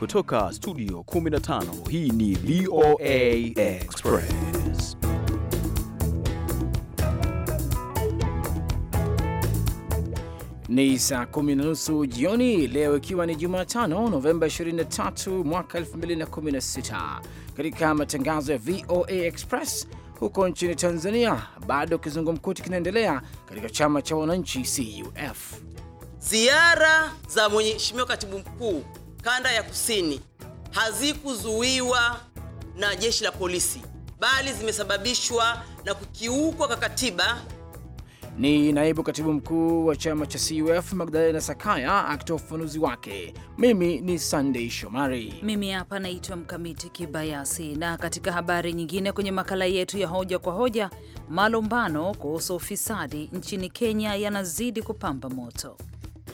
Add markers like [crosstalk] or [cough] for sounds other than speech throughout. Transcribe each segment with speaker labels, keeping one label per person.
Speaker 1: Kutoka studio 15
Speaker 2: hii ni VOA Express. Ni saa kumi na nusu jioni leo, ikiwa ni Jumatano Novemba 23 mwaka 2016. Katika matangazo ya VOA Express huko nchini Tanzania, bado kizungumkuti kinaendelea katika chama cha wananchi CUF. Ziara
Speaker 3: za mheshimiwa katibu mkuu kanda ya kusini hazikuzuiwa na jeshi la polisi bali zimesababishwa na kukiukwa kwa
Speaker 4: katiba.
Speaker 2: Ni naibu katibu mkuu wa chama cha CUF Magdalena Sakaya akitoa ufafanuzi wake. Mimi ni Sunday Shomari,
Speaker 4: mimi hapa naitwa Mkamiti Kibayasi. Na katika habari nyingine, kwenye makala yetu ya hoja kwa hoja, malumbano kuhusu ufisadi nchini Kenya yanazidi kupamba moto.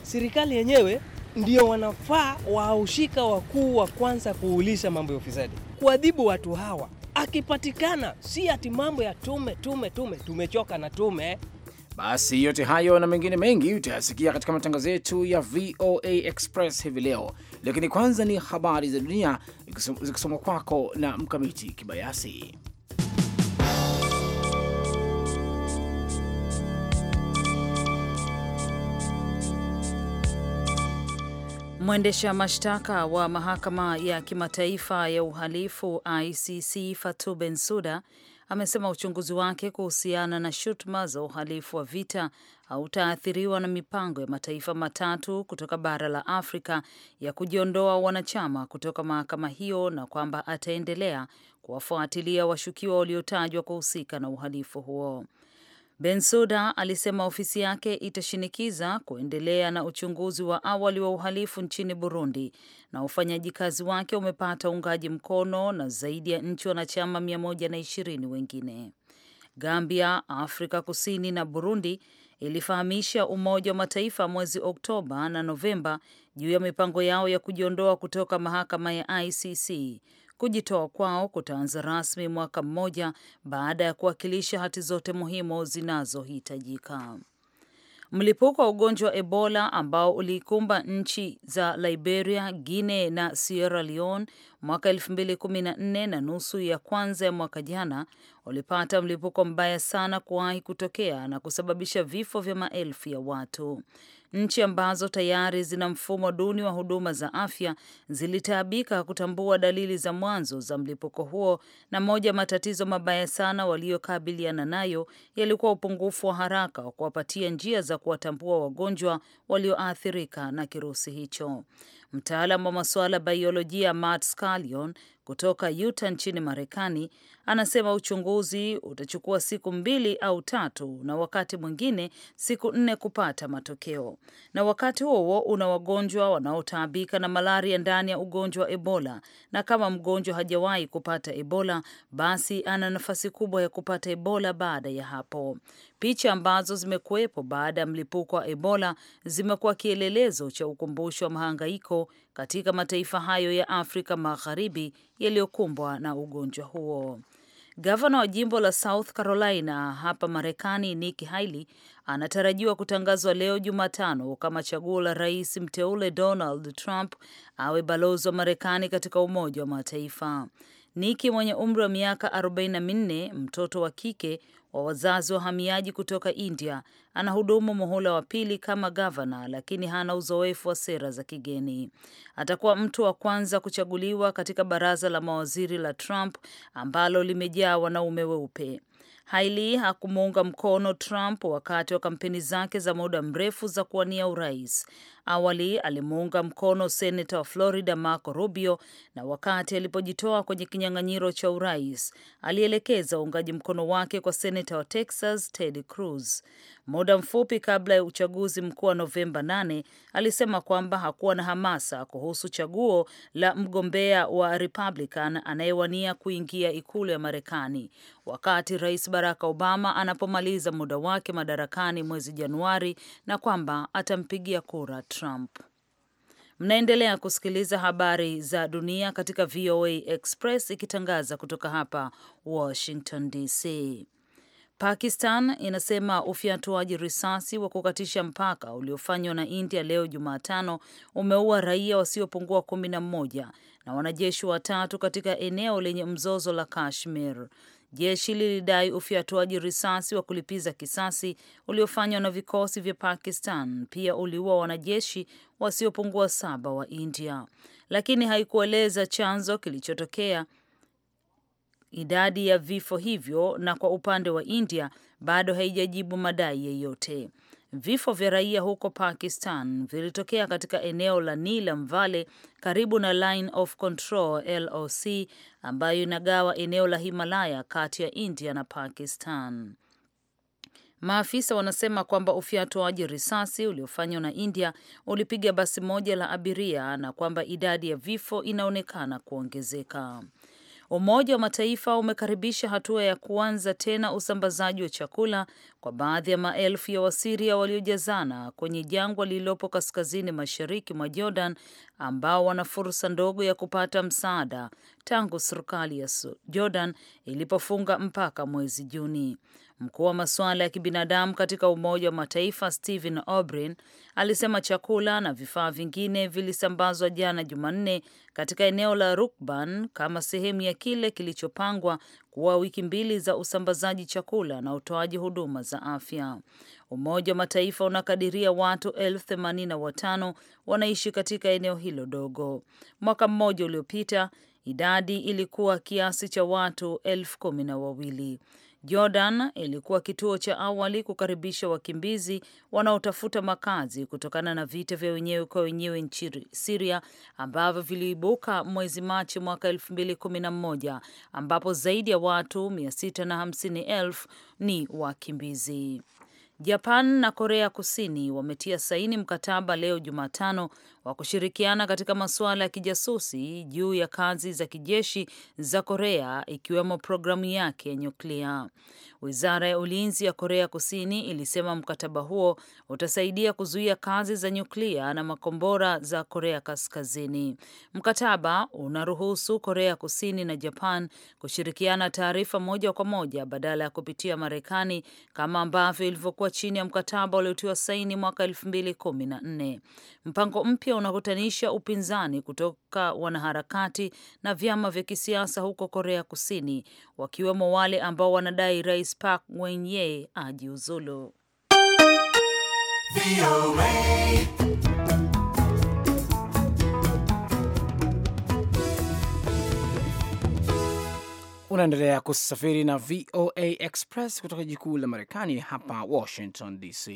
Speaker 4: Serikali yenyewe ndio wanafaa wahusika wakuu wa kwanza kuulisha mambo ya
Speaker 5: ufisadi, kuadhibu watu hawa akipatikana, si ati mambo ya tume tume tume,
Speaker 2: tumechoka na tume. Basi yote hayo na mengine mengi utayasikia katika matangazo yetu ya VOA Express hivi leo, lakini kwanza ni habari za dunia zikisomwa kwako na Mkamiti Kibayasi.
Speaker 4: Mwendesha mashtaka wa mahakama ya kimataifa ya uhalifu ICC Fatou Bensouda amesema uchunguzi wake kuhusiana na shutuma za uhalifu wa vita hautaathiriwa na mipango ya mataifa matatu kutoka bara la Afrika ya kujiondoa wanachama kutoka mahakama hiyo na kwamba ataendelea kuwafuatilia washukiwa waliotajwa kuhusika na uhalifu huo. Bensuda alisema ofisi yake itashinikiza kuendelea na uchunguzi wa awali wa uhalifu nchini Burundi, na ufanyaji kazi wake umepata uungaji mkono na zaidi ya nchi wanachama 120 wengine. Gambia, Afrika Kusini na Burundi ilifahamisha Umoja wa Mataifa mwezi Oktoba na Novemba juu ya mipango yao ya kujiondoa kutoka mahakama ya ICC Kujitoa kwao kutaanza rasmi mwaka mmoja baada ya kuwakilisha hati zote muhimu zinazohitajika. Mlipuko wa ugonjwa wa Ebola ambao uliikumba nchi za Liberia, Guinea na Sierra Leone mwaka 2014 na nusu ya kwanza ya mwaka jana ulipata mlipuko mbaya sana kuwahi kutokea na kusababisha vifo vya maelfu ya watu. Nchi ambazo tayari zina mfumo duni wa huduma za afya zilitaabika kutambua dalili za mwanzo za mlipuko huo, na moja matatizo mabaya sana waliyokabiliana nayo yalikuwa upungufu wa haraka wa kuwapatia njia za kuwatambua wagonjwa walioathirika na kirusi hicho. mtaalam wa masuala ya mat Matt Scalion kutoka Utah nchini Marekani anasema uchunguzi utachukua siku mbili au tatu na wakati mwingine siku nne kupata matokeo. Na wakati huo huo una wagonjwa wanaotaabika na malaria ndani ya ugonjwa wa Ebola, na kama mgonjwa hajawahi kupata Ebola, basi ana nafasi kubwa ya kupata Ebola baada ya hapo. Picha ambazo zimekuwepo baada ya mlipuko wa Ebola zimekuwa kielelezo cha ukumbusho wa mahangaiko katika mataifa hayo ya Afrika Magharibi yaliyokumbwa na ugonjwa huo. Gavana wa jimbo la South Carolina hapa Marekani, Nikki Haley anatarajiwa kutangazwa leo Jumatano kama chaguo la rais mteule Donald Trump awe balozi wa Marekani katika Umoja wa Mataifa. Niki mwenye umri wa miaka 44, mtoto wa kike wa wazazi wahamiaji kutoka India, anahudumu muhula wa pili kama gavana, lakini hana uzoefu wa sera za kigeni. Atakuwa mtu wa kwanza kuchaguliwa katika baraza la mawaziri la Trump ambalo limejaa wanaume weupe. haili hakumuunga mkono Trump wakati wa kampeni zake za muda mrefu za kuwania urais. Awali alimuunga mkono senata wa Florida Marco Rubio, na wakati alipojitoa kwenye kinyang'anyiro cha urais alielekeza uungaji mkono wake kwa senata wa Texas Ted Cruz. Muda mfupi kabla ya uchaguzi mkuu wa Novemba 8 alisema kwamba hakuwa na hamasa kuhusu chaguo la mgombea wa Republican anayewania kuingia ikulu ya Marekani wakati Rais Barack Obama anapomaliza muda wake madarakani mwezi Januari, na kwamba atampigia kura Trump. Mnaendelea kusikiliza habari za dunia katika VOA Express ikitangaza kutoka hapa Washington DC. Pakistan inasema ufyatuaji risasi wa kukatisha mpaka uliofanywa na India leo Jumatano umeua raia wasiopungua kumi na mmoja na wanajeshi watatu katika eneo lenye mzozo la Kashmir. Jeshi lilidai ufyatuaji risasi wa kulipiza kisasi uliofanywa na vikosi vya Pakistan pia uliua wanajeshi wasiopungua saba wa India, lakini haikueleza chanzo kilichotokea idadi ya vifo hivyo, na kwa upande wa India bado haijajibu madai yeyote. Vifo vya raia huko Pakistan vilitokea katika eneo la Nilam Valley karibu na Line of Control LOC ambayo inagawa eneo la Himalaya kati ya India na Pakistan. Maafisa wanasema kwamba ufyatuaji risasi uliofanywa na India ulipiga basi moja la abiria na kwamba idadi ya vifo inaonekana kuongezeka. Umoja wa Mataifa umekaribisha hatua ya kuanza tena usambazaji wa chakula kwa baadhi ya maelfu ya Wasiria waliojazana kwenye jangwa lililopo kaskazini mashariki mwa Jordan ambao wana fursa ndogo ya kupata msaada tangu serikali ya Jordan ilipofunga mpaka mwezi Juni. Mkuu wa masuala ya kibinadamu katika Umoja wa Mataifa Stephen Obrin alisema chakula na vifaa vingine vilisambazwa jana Jumanne katika eneo la Rukban kama sehemu ya kile kilichopangwa kuwa wiki mbili za usambazaji chakula na utoaji huduma za afya. Umoja wa Mataifa unakadiria watu elfu themanini na watano wanaishi katika eneo hilo dogo. Mwaka mmoja uliopita idadi ilikuwa kiasi cha watu elfu kumi na wawili. Jordan ilikuwa kituo cha awali kukaribisha wakimbizi wanaotafuta makazi kutokana na vita vya wenyewe kwa wenyewe nchini Siria ambavyo viliibuka mwezi Machi mwaka 2011 ambapo zaidi ya watu 650,000 ni wakimbizi. Japan na Korea Kusini wametia saini mkataba leo Jumatano wa kushirikiana katika masuala ya kijasusi juu ya kazi za kijeshi za Korea ikiwemo programu yake ya nyuklia. Wizara ya Ulinzi ya Korea Kusini ilisema mkataba huo utasaidia kuzuia kazi za nyuklia na makombora za Korea Kaskazini. Mkataba unaruhusu Korea Kusini na Japan kushirikiana taarifa moja kwa moja badala ya kupitia Marekani kama ambavyo ilivyokuwa chini ya mkataba uliotiwa saini mwaka 2014. Mpango mpya unakutanisha upinzani kutoka wanaharakati na vyama vya kisiasa huko Korea Kusini, wakiwemo wale ambao wanadai Rais Park Geun-hye ajiuzulu.
Speaker 2: Unaendelea kusafiri na VOA Express kutoka jikuu la Marekani hapa Washington DC.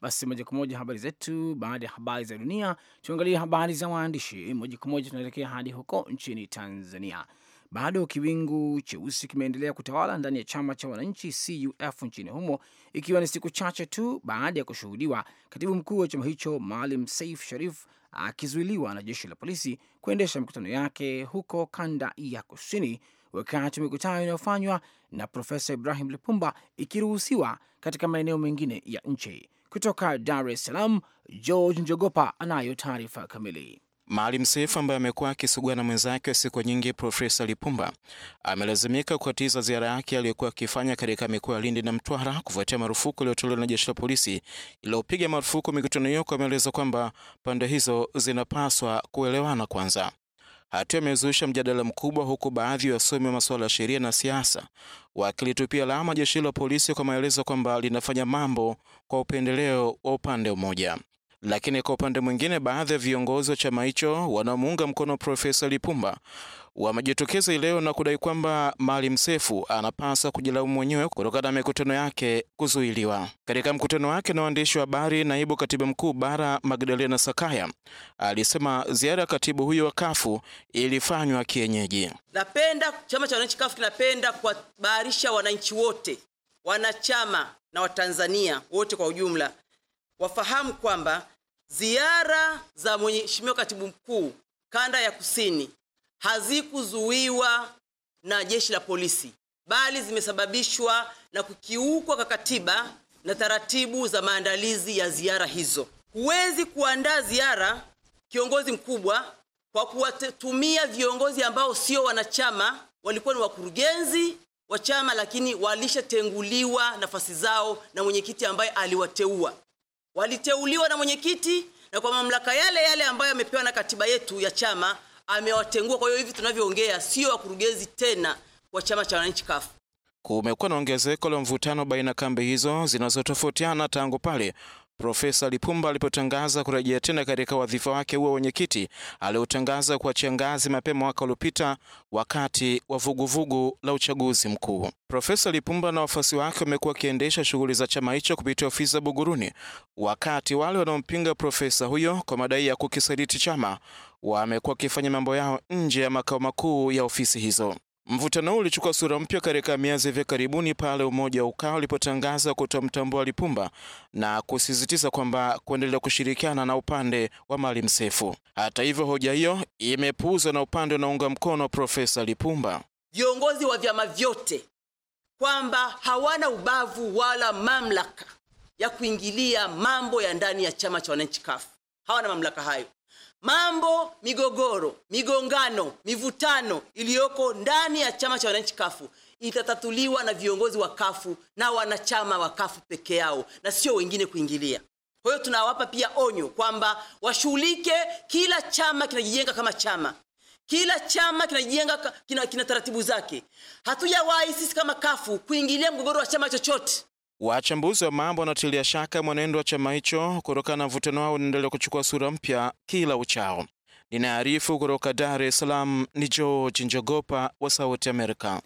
Speaker 2: Basi moja kwa moja habari zetu. Baada ya habari za dunia, tuangalie habari za waandishi. Moja kwa moja tunaelekea hadi huko nchini Tanzania. Bado kiwingu cheusi kimeendelea kutawala ndani ya chama cha wananchi CUF nchini humo, ikiwa ni siku chache tu baada ya kushuhudiwa katibu mkuu wa chama hicho Maalim Seif Sharif akizuiliwa na jeshi la polisi kuendesha mikutano yake huko kanda ya kusini wakati mikutano inayofanywa na Profesa Ibrahim Lipumba ikiruhusiwa katika maeneo mengine ya nchi. Kutoka Dar es Salaam, George Njogopa anayo taarifa kamili.
Speaker 1: Maalim Seif ambaye amekuwa akisugua na mwenzake siku nyingi, Profesa Lipumba amelazimika kukatiza ziara yake aliyokuwa akifanya katika mikoa ya Lindi na Mtwara kufuatia marufuku iliyotolewa na jeshi la polisi iliyopiga marufuku mikutano hiyo, kwa ameeleza kwamba pande hizo zinapaswa kuelewana kwanza. Hatua imezusha mjadala mkubwa, huku baadhi ya wasomi wa masuala ya sheria na siasa wakilitupia lawama jeshi la polisi kwa maelezo kwamba linafanya mambo kwa upendeleo wa upande mmoja. Lakini kwa upande mwingine, baadhi ya viongozi wa chama hicho wanaomuunga mkono Profesa Lipumba wamejitokeza leo na kudai kwamba Maalim Seif anapasa kujilaumu mwenyewe kutokana na mikutano yake kuzuiliwa. Katika mkutano wake na waandishi wa habari, naibu katibu mkuu bara Magdalena Sakaya alisema ziara ya katibu huyo wa kafu ilifanywa kienyeji.
Speaker 3: Napenda chama cha wananchi kafu kinapenda kuwabaharisha wananchi wote, wanachama na Watanzania wote kwa ujumla wafahamu kwamba ziara za mheshimiwa katibu mkuu kanda ya kusini hazikuzuiwa na jeshi la polisi, bali zimesababishwa na kukiukwa kwa katiba na taratibu za maandalizi ya ziara hizo. Huwezi kuandaa ziara kiongozi mkubwa kwa kuwatumia viongozi ambao sio wanachama, walikuwa ni wakurugenzi wa chama, lakini walishatenguliwa nafasi zao na mwenyekiti ambaye aliwateua. Waliteuliwa na mwenyekiti na kwa mamlaka yale yale ambayo yamepewa na katiba yetu ya chama amewatengua. Kwa hiyo hivi tunavyoongea sio wakurugenzi tena wa chama cha wananchi kafu.
Speaker 1: Kumekuwa na ongezeko la mvutano baina kambi hizo zinazotofautiana tangu pale Profesa Lipumba alipotangaza kurejea tena katika wadhifa wake huo wenyekiti aliotangaza kuachia ngazi mapema mwaka uliopita wakati wa vuguvugu la uchaguzi mkuu. Profesa Lipumba na wafuasi wake wamekuwa wakiendesha shughuli za chama hicho kupitia ofisi za Buguruni, wakati wale wanaompinga profesa huyo kwa madai ya kukisaliti chama wamekuwa wakifanya mambo yao nje ya makao makuu ya ofisi hizo. Mvutano huu ulichukua sura mpya katika miezi hivi karibuni pale umoja wa Ukawa ulipotangaza kutomtambua Lipumba na kusisitiza kwamba kuendelea kushirikiana na upande wa Maalim Seif. Hata hivyo, hoja hiyo imepuuzwa na upande unaunga mkono Profesa Lipumba.
Speaker 3: Viongozi wa vyama vyote kwamba hawana ubavu wala mamlaka ya kuingilia mambo ya ndani ya chama cha wananchi kafu, hawana mamlaka hayo. Mambo, migogoro, migongano, mivutano iliyoko ndani ya chama cha wananchi kafu itatatuliwa na viongozi wa kafu na wanachama wa kafu peke yao na sio wengine kuingilia. Kwa hiyo tunawapa pia onyo kwamba washughulike, kila chama kinajijenga kama chama kila chama kinajijenga kina, kina taratibu zake. Hatujawahi sisi kama kafu kuingilia mgogoro wa chama chochote.
Speaker 1: Wachambuzi wa mambo wanatilia shaka mwenendo wa chama hicho kutokana na mvutano wao unaendelea kuchukua sura mpya kila uchao. Ninaarifu kutoka Dar es Salaam ni George Njogopa wa
Speaker 2: Sauti Amerika.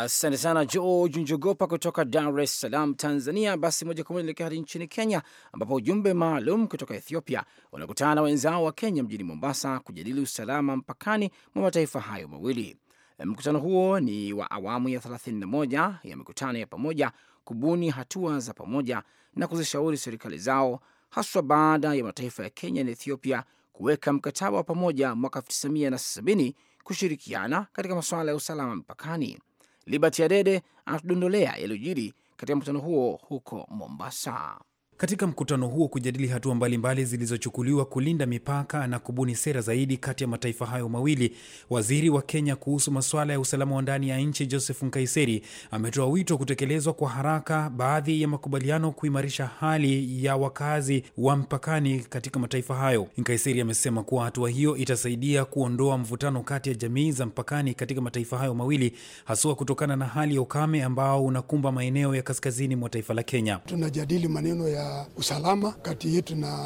Speaker 2: Asante sana George Njogopa kutoka Dar es Salaam, Tanzania. Basi moja kwa moja elekea hadi nchini Kenya, ambapo ujumbe maalum kutoka Ethiopia unakutana na wenzao wa Kenya mjini Mombasa kujadili usalama mpakani mwa mataifa hayo mawili. Mkutano huo ni wa awamu ya 31 ya mikutano ya pamoja kubuni hatua za pamoja na kuzishauri serikali zao, haswa baada ya mataifa ya Kenya na Ethiopia kuweka mkataba wa pamoja mwaka 1970 kushirikiana katika masuala ya usalama mpakani. Liberty Adede anatudondolea yaliyojiri katika mkutano huo huko Mombasa
Speaker 6: katika mkutano huo kujadili hatua mbalimbali zilizochukuliwa kulinda mipaka na kubuni sera zaidi kati ya mataifa hayo mawili. Waziri wa Kenya kuhusu masuala ya usalama wa ndani ya nchi Joseph Nkaiseri ametoa wito kutekelezwa kwa haraka baadhi ya makubaliano kuimarisha hali ya wakazi wa mpakani katika mataifa hayo. Nkaiseri amesema kuwa hatua hiyo itasaidia kuondoa mvutano kati ya jamii za mpakani katika mataifa hayo mawili, haswa kutokana na hali ya ukame ambao unakumba maeneo ya kaskazini mwa taifa la Kenya.
Speaker 5: Tunajadili maneno ya usalama kati yetu na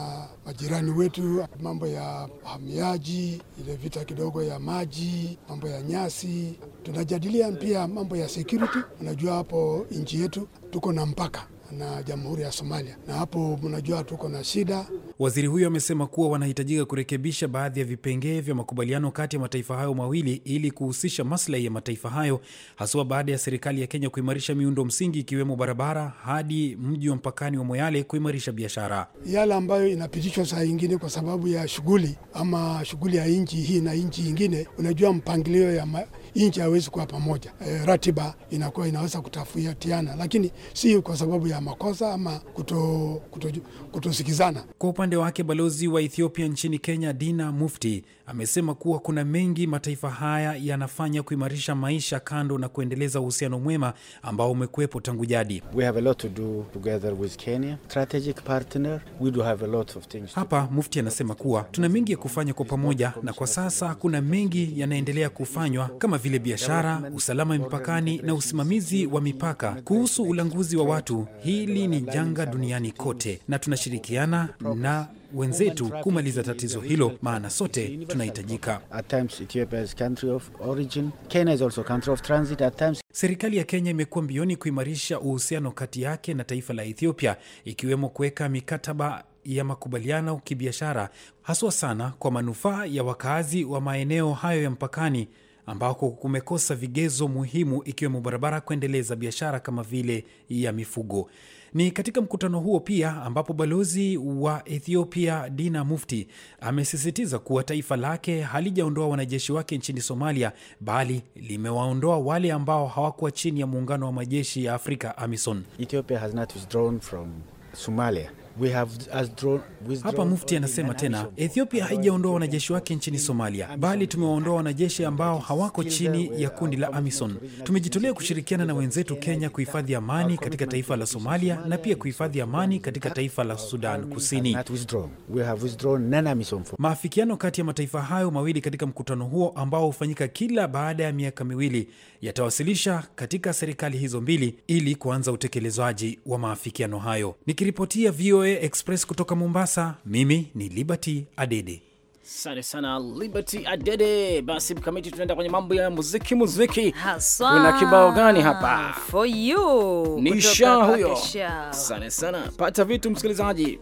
Speaker 5: majirani wetu, mambo ya uhamiaji ile vita kidogo ya maji, mambo ya nyasi tunajadilia, pia mambo ya security. Unajua hapo nchi yetu tuko na mpaka na Jamhuri ya Somalia, na hapo mnajua tuko na shida.
Speaker 6: Waziri huyo amesema kuwa wanahitajika kurekebisha baadhi ya vipengee vya makubaliano kati ya mataifa hayo mawili ili kuhusisha maslahi ya mataifa hayo, haswa baada ya serikali ya Kenya kuimarisha miundo msingi ikiwemo barabara hadi mji wa mpakani wa Moyale, kuimarisha biashara
Speaker 5: yale ambayo inapitishwa saa yingine kwa sababu ya shughuli ama shughuli ya nchi hii na nchi yingine Unajua mpangilio ya ma nchi hawezi kuwa pamoja. E, ratiba inakuwa inaweza kutafuatiana lakini si kwa sababu ya makosa ama
Speaker 6: kuto, kuto, kutosikizana. Kwa upande wake balozi wa Ethiopia nchini Kenya Dina Mufti amesema kuwa kuna mengi mataifa haya yanafanya kuimarisha maisha kando na kuendeleza uhusiano mwema ambao umekuwepo tangu jadi. Hapa Mufti anasema kuwa tuna mengi ya kufanya kwa pamoja, na kwa sasa kuna mengi yanaendelea kufanywa kama vile biashara, usalama mipakani na usimamizi wa mipaka. Kuhusu ulanguzi wa watu, hili ni janga duniani kote, na tunashirikiana na wenzetu kumaliza tatizo hilo, maana sote tunahitajika. Serikali ya Kenya imekuwa mbioni kuimarisha uhusiano kati yake na taifa la Ethiopia, ikiwemo kuweka mikataba ya makubaliano kibiashara, haswa sana kwa manufaa ya wakazi wa maeneo hayo ya mpakani ambako kumekosa vigezo muhimu ikiwemo barabara kuendeleza biashara kama vile ya mifugo. Ni katika mkutano huo pia ambapo balozi wa Ethiopia Dina Mufti amesisitiza kuwa taifa lake halijaondoa wanajeshi wake nchini Somalia, bali limewaondoa wale ambao hawakuwa chini ya muungano wa majeshi ya Afrika amison Ethiopia has not withdrawn from Somalia. We have hapa mufti anasema tena, Ethiopia haijaondoa wanajeshi wake nchini Somalia, bali tumewaondoa wanajeshi ambao hawako chini ya kundi la AMISON. Tumejitolea kushirikiana na wenzetu Kenya kuhifadhi amani katika taifa la Somalia na pia kuhifadhi amani katika taifa la Sudan Kusini. Maafikiano kati ya mataifa hayo mawili katika mkutano huo ambao hufanyika kila baada ya miaka miwili yatawasilisha katika serikali hizo mbili ili kuanza utekelezwaji wa maafikiano hayo. Nikiripotia VOA voa express kutoka mombasa mimi ni liberty adede
Speaker 2: Asante sana Liberty Adede. Basi mkamiti, tunaenda kwenye mambo ya muziki. Muziki
Speaker 4: haswa, kuna kibao gani hapa for you? Nisha huyo.
Speaker 2: Asante sana, pata vitu msikilizaji.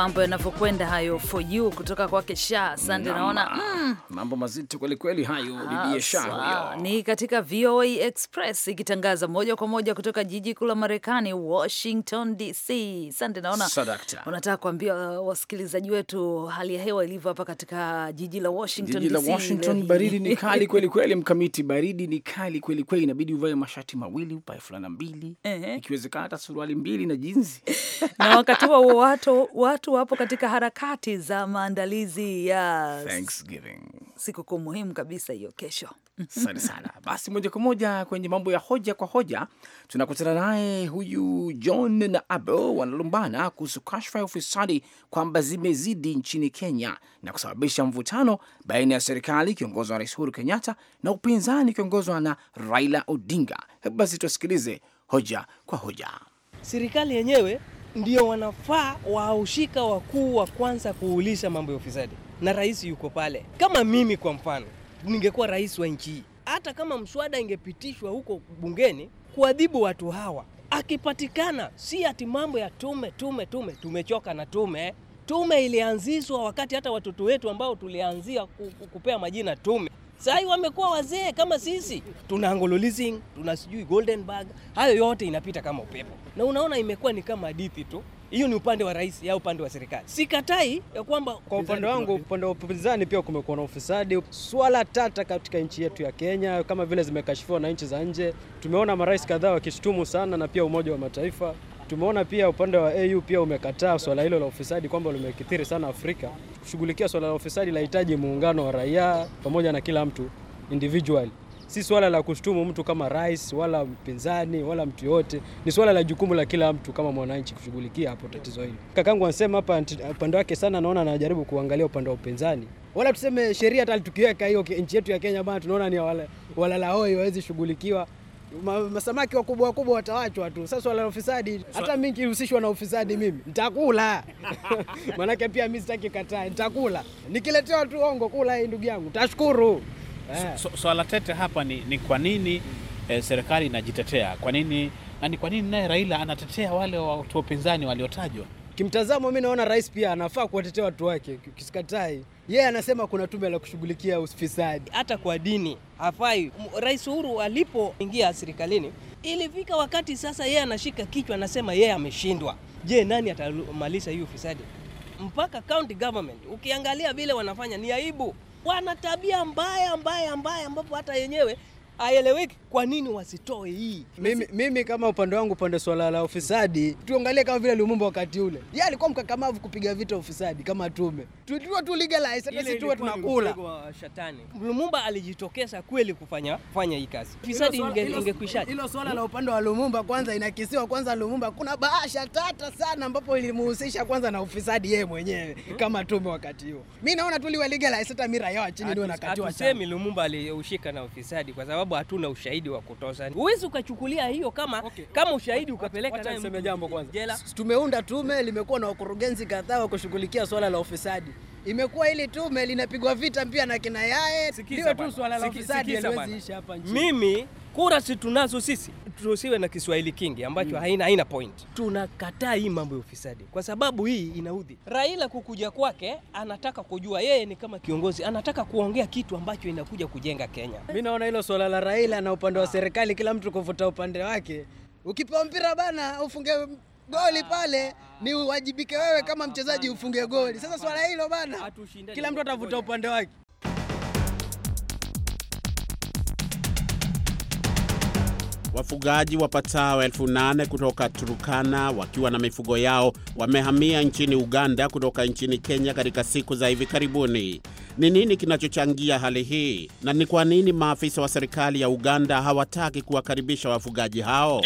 Speaker 4: mambo yanavyokwenda hayo for you kutoka kwake Sha Asante, naona mm,
Speaker 2: mambo mazito kweli kweli hayo bibi Sha huyo.
Speaker 4: Ni katika VOA Express ikitangaza moja kwa moja kutoka jiji kuu la Marekani, Washington DC. Asante, naona unataka kuambia uh, wasikilizaji wetu hali ya hewa ilivyo hapa katika jiji la Washington jiji la Washington. Baridi ni kali kweli [laughs] kweli,
Speaker 2: mkamiti, baridi ni kali kweli kweli, inabidi uvae mashati mawili, upae fulana mbili, ikiwezekana hata suruali mbili na jinsi
Speaker 4: [laughs] na wakati wa watu watu watu wapo katika harakati za maandalizi ya Thanksgiving, sikukuu muhimu kabisa hiyo kesho. Asante sana. Basi moja kwa
Speaker 2: moja kwenye mambo ya hoja kwa hoja, tunakutana naye huyu John na Abel wanalumbana kuhusu kashfa ya ufisadi kwamba zimezidi nchini Kenya na kusababisha mvutano baina ya serikali ikiongozwa na Rais Uhuru Kenyatta na upinzani ikiongozwa na Raila Odinga. Hebu basi tuwasikilize hoja kwa hoja.
Speaker 5: Serikali yenyewe ndio wanafaa waushika wakuu wa kwanza kuulisha mambo ya ufisadi, na rais yuko pale. Kama mimi kwa mfano ningekuwa rais wa nchi hii, hata kama mswada ingepitishwa huko bungeni kuadhibu watu hawa akipatikana, si ati mambo ya tume tume tume. Tumechoka na tume. Tume ilianzishwa wakati hata watoto wetu ambao tulianzia kupea majina tume Sai wamekuwa wazee kama sisi, tuna Angolo Leasing, tuna sijui Golden Bag, hayo yote inapita kama upepo, na unaona imekuwa ni kama hadithi tu. Hiyo ni upande wa rais au upande wa serikali. Sikatai ya kwamba kwa upande wangu, upande wa upinzani pia kumekuwa na ufisadi, swala tata katika nchi yetu ya Kenya, kama vile zimekashifiwa na nchi za nje. Tumeona marais kadhaa wakishtumu sana, na pia Umoja wa Mataifa Tumeona pia upande wa AU pia umekataa swala hilo la ufisadi kwamba limekithiri sana Afrika. Kushughulikia swala la ufisadi lahitaji muungano wa raia pamoja na kila mtu individually. Si swala la kushtumu mtu kama rais wala mpinzani wala mtu yoyote, ni swala la jukumu la kila mtu kama mwananchi kushughulikia hapo tatizo hili. Kakangu anasema hapa upande wake sana, naona anajaribu kuangalia upande wa upinzani wala tuseme sheria, hata tukiweka hiyo nchi yetu ya Kenya bana, tunaona ni walala hoi wawezi shughulikiwa masamaki wakubwa wakubwa watawachwa tu. Sasa swala la ufisadi, hata mimi nikihusishwa na ufisadi mimi nitakula [laughs] maanake pia mimi sitaki kataa, nitakula nikiletewa tu ongo, kula hii ndugu yangu, tashukuru.
Speaker 7: Eh. Swala tete hapa ni, ni kwa nini eh, serikali inajitetea kwa nini na ni kwa nini naye Raila anatetea wale watu wa upinzani waliotajwa?
Speaker 5: Kimtazamo mimi naona rais pia anafaa kuwatetea watu wake, kisikatai yeye. Yeah, anasema kuna tume la kushughulikia ufisadi. Hata kwa dini hafai. Rais Uhuru alipoingia serikalini, ilifika wakati sasa yeye yeah, anashika kichwa, anasema yeye yeah, ameshindwa. Je, nani atamaliza hii ufisadi? Mpaka county government ukiangalia vile wanafanya ni aibu, wana tabia mbaya mbaya mbaya, ambapo hata yenyewe haieleweki. Kwa nini wasitoe hii? Mimi, mimi kama upande wangu, upande swala la ufisadi, tuangalie kama vile Lumumba wakati ule, yeye alikuwa mkakamavu kupiga vita ufisadi kama tume tutua tu legalize, hata sisi tuwe tunakula. Lumumba alijitokeza kweli kufanya fanya hii kazi, ufisadi ingekwisha. Hilo swala la upande wa Lumumba kwanza inakisiwa kwanza, Lumumba kuna bahasha tata sana ambapo ilimhusisha kwanza na ufisadi yeye mwenyewe hmm? kama tume wakati huo. Mimi naona tu liwe legalize, hata mira yao chini ndio nakatiwa. Tuseme Lumumba aliushika na ufisadi kwa sababu hatuna ushahidi ushahidi wa kutosha. Huwezi ukachukulia hiyo kama okay, kama ushahidi ukapeleka naye. Niseme jambo kwanza, jela. Tumeunda tume, limekuwa na wakurugenzi kadhaa wa kushughulikia swala la ufisadi imekuwa ili tume linapigwa vita pia na kina Yae, ndio tu swala la ufisadi haliwezi isha hapa nchini. Mimi Kura si tunazo sisi, tusiwe na Kiswahili kingi ambacho mm. haina, haina point. Tunakataa hii mambo ya ufisadi kwa sababu hii inaudhi. Raila kukuja kwake anataka kujua, yeye ni kama kiongozi, anataka kuongea kitu ambacho inakuja kujenga Kenya. Mimi naona hilo swala la Raila na upande wa ah. serikali, kila mtu kuvuta upande wake. Ukipewa mpira bana, ufunge goli ah. pale ni uwajibike wewe kama ah, mchezaji ufunge goli. Sasa swala hilo bana, kila mtu atavuta upande wake.
Speaker 7: Wafugaji wapatao elfu nane kutoka Turukana wakiwa na mifugo yao wamehamia nchini Uganda kutoka nchini Kenya katika siku za hivi karibuni. Ni nini kinachochangia hali hii na ni kwa nini maafisa wa serikali ya Uganda hawataki kuwakaribisha wafugaji hao?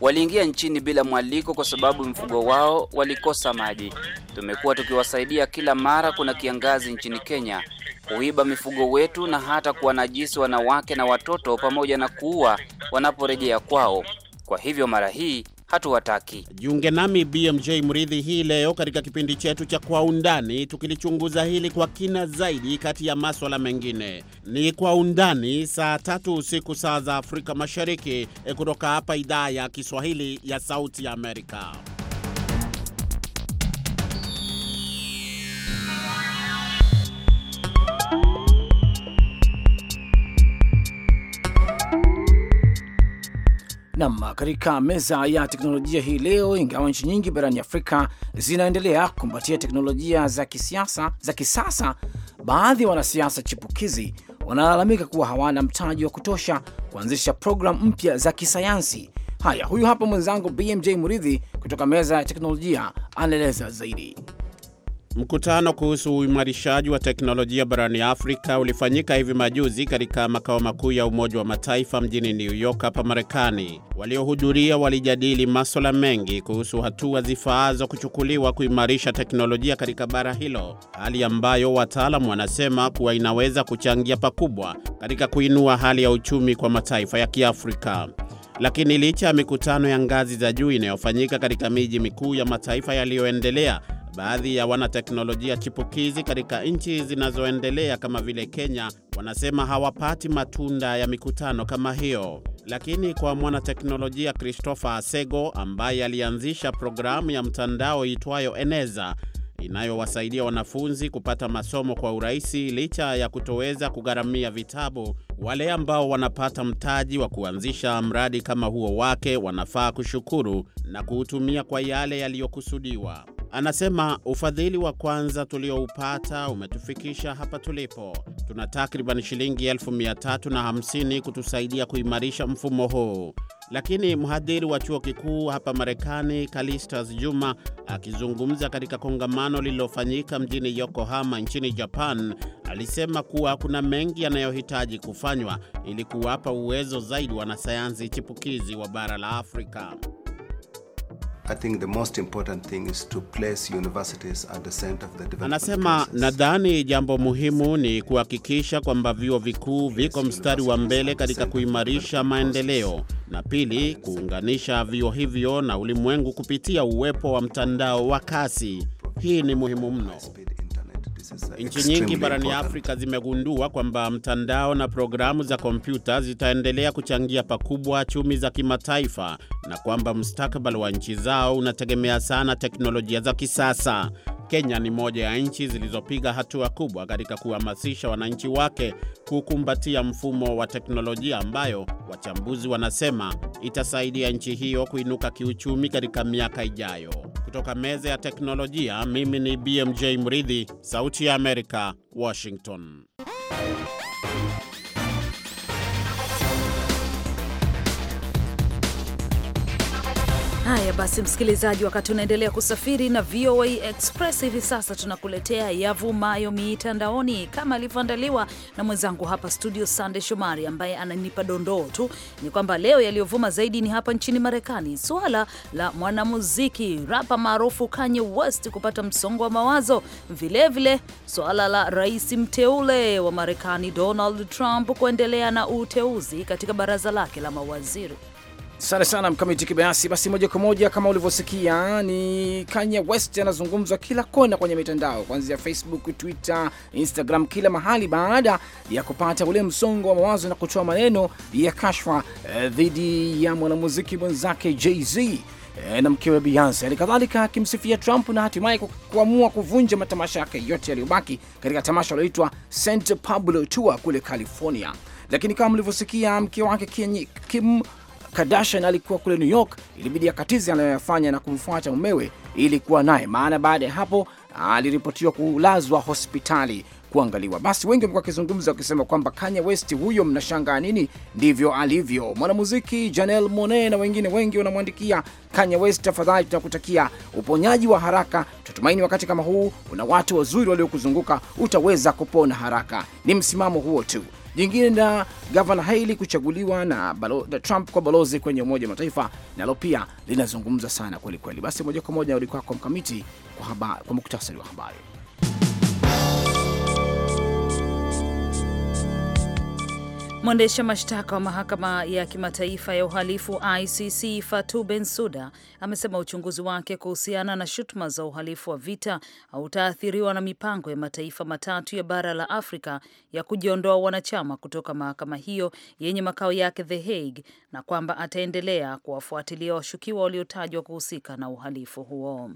Speaker 3: Waliingia nchini bila mwaliko kwa sababu mfugo wao
Speaker 2: walikosa maji. Tumekuwa tukiwasaidia kila mara kuna kiangazi nchini Kenya kuiba mifugo wetu na hata kuwanajisi wanawake na watoto pamoja na kuua wanaporejea kwao. Kwa hivyo mara hii hatuwataki.
Speaker 7: Jiunge nami BMJ Mridhi hii leo katika kipindi chetu cha Kwa Undani, tukilichunguza hili kwa kina zaidi kati ya maswala mengine. Ni Kwa Undani saa tatu usiku saa za Afrika Mashariki, eh, kutoka hapa idhaa ya Kiswahili ya Sauti ya Amerika.
Speaker 2: Nam, katika meza ya teknolojia hii leo, ingawa nchi nyingi barani Afrika zinaendelea kukumbatia teknolojia za kisiasa za kisasa, baadhi ya wanasiasa chipukizi wanalalamika kuwa hawana mtaji wa kutosha kuanzisha programu mpya za kisayansi. Haya, huyu hapa mwenzangu BMJ Muridhi kutoka meza ya teknolojia anaeleza zaidi.
Speaker 7: Mkutano kuhusu uimarishaji wa teknolojia barani Afrika ulifanyika hivi majuzi katika makao makuu ya Umoja wa Mataifa mjini New York hapa Marekani. Waliohudhuria walijadili maswala mengi kuhusu hatua zifaazo kuchukuliwa kuimarisha teknolojia katika bara hilo, hali ambayo wataalamu wanasema kuwa inaweza kuchangia pakubwa katika kuinua hali ya uchumi kwa mataifa ya Kiafrika. Lakini licha ya mikutano ya ngazi za juu inayofanyika katika miji mikuu ya mataifa yaliyoendelea Baadhi ya wanateknolojia chipukizi katika nchi zinazoendelea kama vile Kenya wanasema hawapati matunda ya mikutano kama hiyo. Lakini kwa mwanateknolojia Christopher Asego ambaye alianzisha programu ya mtandao itwayo Eneza inayowasaidia wanafunzi kupata masomo kwa urahisi licha ya kutoweza kugharamia vitabu. Wale ambao wanapata mtaji wa kuanzisha mradi kama huo wake wanafaa kushukuru na kuutumia kwa yale yaliyokusudiwa. Anasema ufadhili wa kwanza tulioupata umetufikisha hapa tulipo. Tuna takriban shilingi elfu mia tatu na hamsini kutusaidia kuimarisha mfumo huu. Lakini mhadhiri wa chuo kikuu hapa Marekani, Kalistas Juma, akizungumza katika kongamano lililofanyika mjini Yokohama nchini Japan, alisema kuwa kuna mengi yanayohitaji kufanywa ili kuwapa uwezo zaidi wanasayansi chipukizi wa bara la Afrika.
Speaker 1: I think the most important thing is to place universities at the center of the development.
Speaker 7: Anasema nadhani jambo muhimu ni kuhakikisha kwamba vyuo vikuu viko mstari wa mbele katika kuimarisha maendeleo na pili kuunganisha vyuo hivyo na ulimwengu kupitia uwepo wa mtandao wa kasi. Hii ni muhimu mno. Nchi nyingi barani Afrika zimegundua kwamba mtandao na programu za kompyuta zitaendelea kuchangia pakubwa chumi za kimataifa na kwamba mustakabali wa nchi zao unategemea sana teknolojia za kisasa. Kenya ni moja ya nchi zilizopiga hatua kubwa katika kuhamasisha wananchi wake kukumbatia mfumo wa teknolojia ambayo wachambuzi wanasema itasaidia nchi hiyo kuinuka kiuchumi katika miaka ijayo kutoka meza ya teknolojia. Mimi ni BMJ Mridhi, Sauti ya Amerika, Washington.
Speaker 4: Haya basi, msikilizaji, wakati unaendelea kusafiri na VOA Express hivi sasa, tunakuletea yavumayo mitandaoni kama alivyoandaliwa na mwenzangu hapa studio Sande Shomari, ambaye ananipa dondoo tu. Ni kwamba leo yaliyovuma zaidi ni hapa nchini Marekani, suala la mwanamuziki rapa maarufu Kanye West kupata msongo wa mawazo, vilevile suala la rais mteule wa Marekani Donald Trump kuendelea na uteuzi katika baraza lake la mawaziri.
Speaker 2: Asante sana Mkamiti Kibayasi. Basi moja kwa moja kama ulivyosikia, ni Kanye West anazungumzwa kila kona kwenye mitandao, kuanzia Facebook, Twitter, Instagram, kila mahali, baada ya kupata ule msongo wa mawazo na kutoa maneno ya kashfa eh, dhidi eh, ya mwanamuziki mwenzake Jay-Z eh, na mkewe Beyonce, hali akimsifia Trump na hatimaye kuamua kuvunja matamasha yake yote yaliyobaki katika tamasha liloitwa Saint Pablo Tour kule California. Lakini kama mlivyosikia, mke wake Kim Kardashian alikuwa kule New York, ilibidi akatize anayoyafanya na kumfuata mumewe ili kuwa naye, maana baada ya hapo aliripotiwa kulazwa hospitali kuangaliwa. Basi wengi wamekuwa wakizungumza wakisema kwamba Kanye West huyo, mnashangaa nini? Ndivyo alivyo mwanamuziki. Janelle Monae na wengine wengi wanamwandikia Kanye West, tafadhali, tunakutakia uponyaji wa haraka. Tutumaini wakati kama huu una watu wazuri waliokuzunguka, utaweza kupona haraka. Ni msimamo huo tu jingine na gavana Haley kuchaguliwa na, balo, na Trump kwa balozi kwenye Umoja wa Mataifa nalo pia linazungumza sana kweli kweli. Basi moja kwa moja ulikuwa kwa mkamiti kwa, kwa muktasari wa habari.
Speaker 4: Mwendesha mashtaka wa mahakama ya kimataifa ya uhalifu ICC Fatou suda amesema uchunguzi wake kuhusiana na shutuma za uhalifu wa vita hautaathiriwa na mipango ya mataifa matatu ya bara la Afrika ya kujiondoa wanachama kutoka mahakama hiyo yenye makao yake The Hague na kwamba ataendelea kuwafuatilia washukiwa waliotajwa kuhusika na uhalifu huo.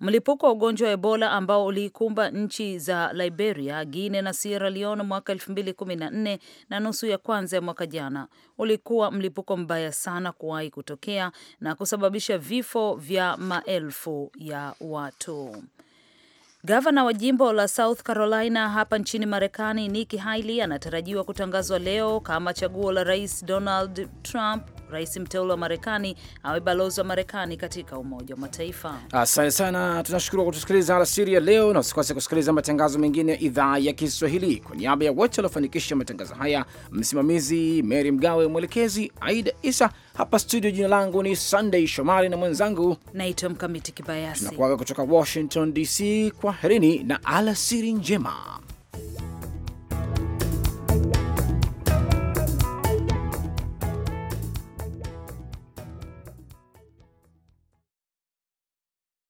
Speaker 4: Mlipuko wa ugonjwa wa Ebola ambao uliikumba nchi za Liberia, Guinea na Sierra Leone mwaka 2014 na nusu ya kwanza ya mwaka jana ulikuwa mlipuko mbaya sana kuwahi kutokea na kusababisha vifo vya maelfu ya watu. Gavana wa jimbo la South Carolina hapa nchini Marekani, Nikki Haley anatarajiwa kutangazwa leo kama chaguo la Rais Donald Trump rais mteule wa Marekani awe balozi wa Marekani katika Umoja wa Mataifa.
Speaker 2: Asante sana, tunashukuru kwa kutusikiliza alasiri ya leo, na usikose kusikiliza matangazo mengine ya idhaa ya Kiswahili. Kwa niaba ya wote waliofanikisha matangazo haya, msimamizi Mary Mgawe, mwelekezi Aida Isa hapa studio. Jina langu ni Sunday Shomari na mwenzangu naitwa Mkamiti Kibayasi, tunakuaga kutoka Washington DC. herini na alasiri njema.